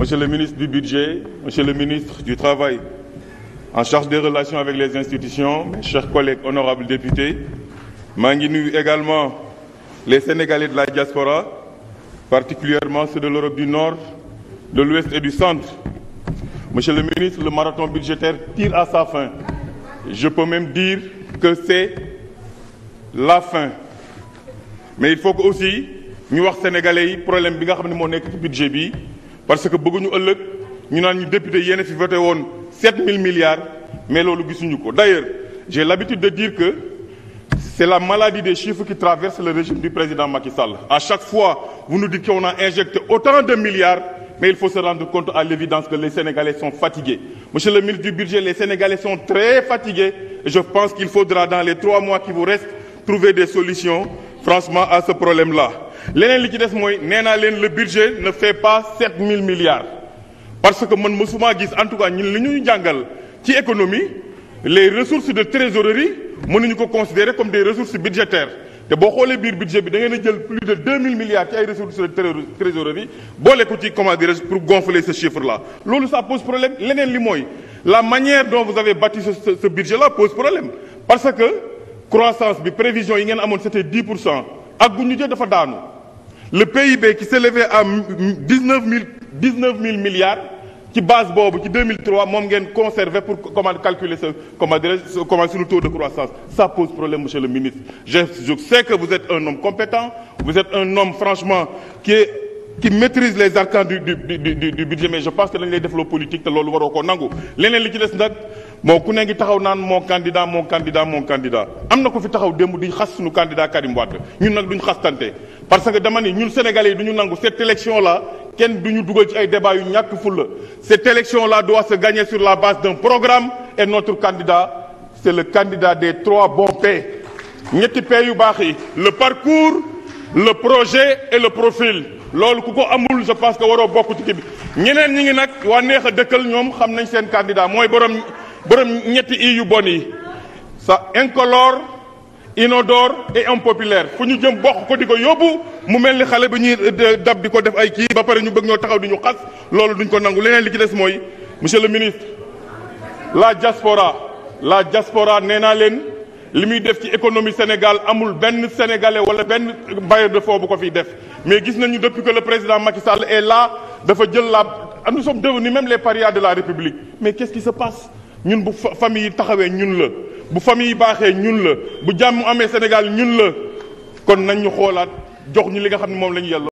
Monsieur le ministre du Budget, Monsieur le ministre du Travail, en charge des relations avec les institutions, mes chers collègues honorables députés, Manginu également les Sénégalais de la diaspora, particulièrement ceux de l'Europe du Nord, de l'Ouest et du Centre. Monsieur le ministre, le marathon budgétaire tire à sa fin. Je peux même dire que c'est la fin. Mais il faut que aussi ñu wax sénégalais yi problème bi nga xam ne moo nekk ci budget bi parce que bëgguñu ëllëg ñu naan ñu député yéen fi voté woon 7000 milliards mais loolu gisuñu ko d'ailleurs j'ai l'habitude de dire que c'est la maladie des chiffres qui traverse le régime du président Macky à chaque fois vous nous dites qu'on a injecté autant de milliards mais il faut se rendre compte à l'évidence que les Sénégalais sont fatigués monsieur le ministre du budget les Sénégalais sont très fatigués et je pense qu'il faudra dans les trois mois qui vous restent trouver des solutions à problème-là leneen li ci des mooy nee naa leen le budget ne fait pas sept mille milliards parce que man mësuma gis en tout cas ñun li ñuy jàngal ci économie les ressources de trésorerie mënuñu ko considérer comme des ressources budgétaires te boo xoolee biir budget bi da ngeen a jël plus de deux mille milliards ci ay ressources de trésorerie boole ko ci comment dirais-je pour gonfler ce chiffre là loolu ça pose problème leneen li mooy la manière dont vous avez bâti ce, ce budget là pose problème parce que croissance bi prévision yi ngeen amoon c'était dix pour cent ak gu ñu dafa daanu le PIB qui s'élevait à mille dix neuf mille milliards ci base boobu ci 2003 moom ngeen conservé pour comment calculer ce comment dirais-je comment suñu taux de croissance ça pose problème monsieur le ministre je je sais que vous êtes un homme compétent vous êtes un homme franchement qui qui maîtrise les arcanes du du du du budget mais je pense que dañ lay defloo politique te loolu waroo koo nangu leneen li ci des nag moo ku ne ngi taxaw naan mon candidat mon candidat mon candidat am na ko fi taxaw démb di xas suñu candidat Karim Wade ñun nag ñu xastante parce que dama ni ñun sénégalais yi duñu nangu cette élection là kenn duñu dugal ci ay débat yu ñàkk fulla cette élection là doit se gagner sur la base d'un programme et notre candidat c'est le candidat des trois bons P ñetti yu baax yi le parcours le projet le profil loolu ku ko amul je pense que waroo bokk ci kii bi ñeneen ñi ngi nag waa neex a dëkkal ñoom xam nañ seen candidat mooy borom borom ñetti i yu bon yi sa incolore inodore et impopulaire fu ñu jëm bokk ko di ko yóbbu mu mel ni xale bi ñuy euh, dab di ko def ay kii ba pare ñu bëgg ñoo taxaw di ñu xas loolu duñ ko nangu leneen li ci des mooy monsieur le ministre la diaspora la diaspora nee naa leen li muy def ci économie Sénégal amul benn sénégalais wala benn bailleur de fonds bu ko fiy def mais gis nañu depuis que le président Macky Sall est là dafa jël la ah, nous sommes ni même les parias de la République mais qu'est-ce qui se passe ñun bu famille yi taxawee ñun la bu famille yi baaxee ñun la bu jàmm amee Sénégal ñun la kon nañ ñu xoolaat jox ñu li nga xam ne moom la ñu yelloo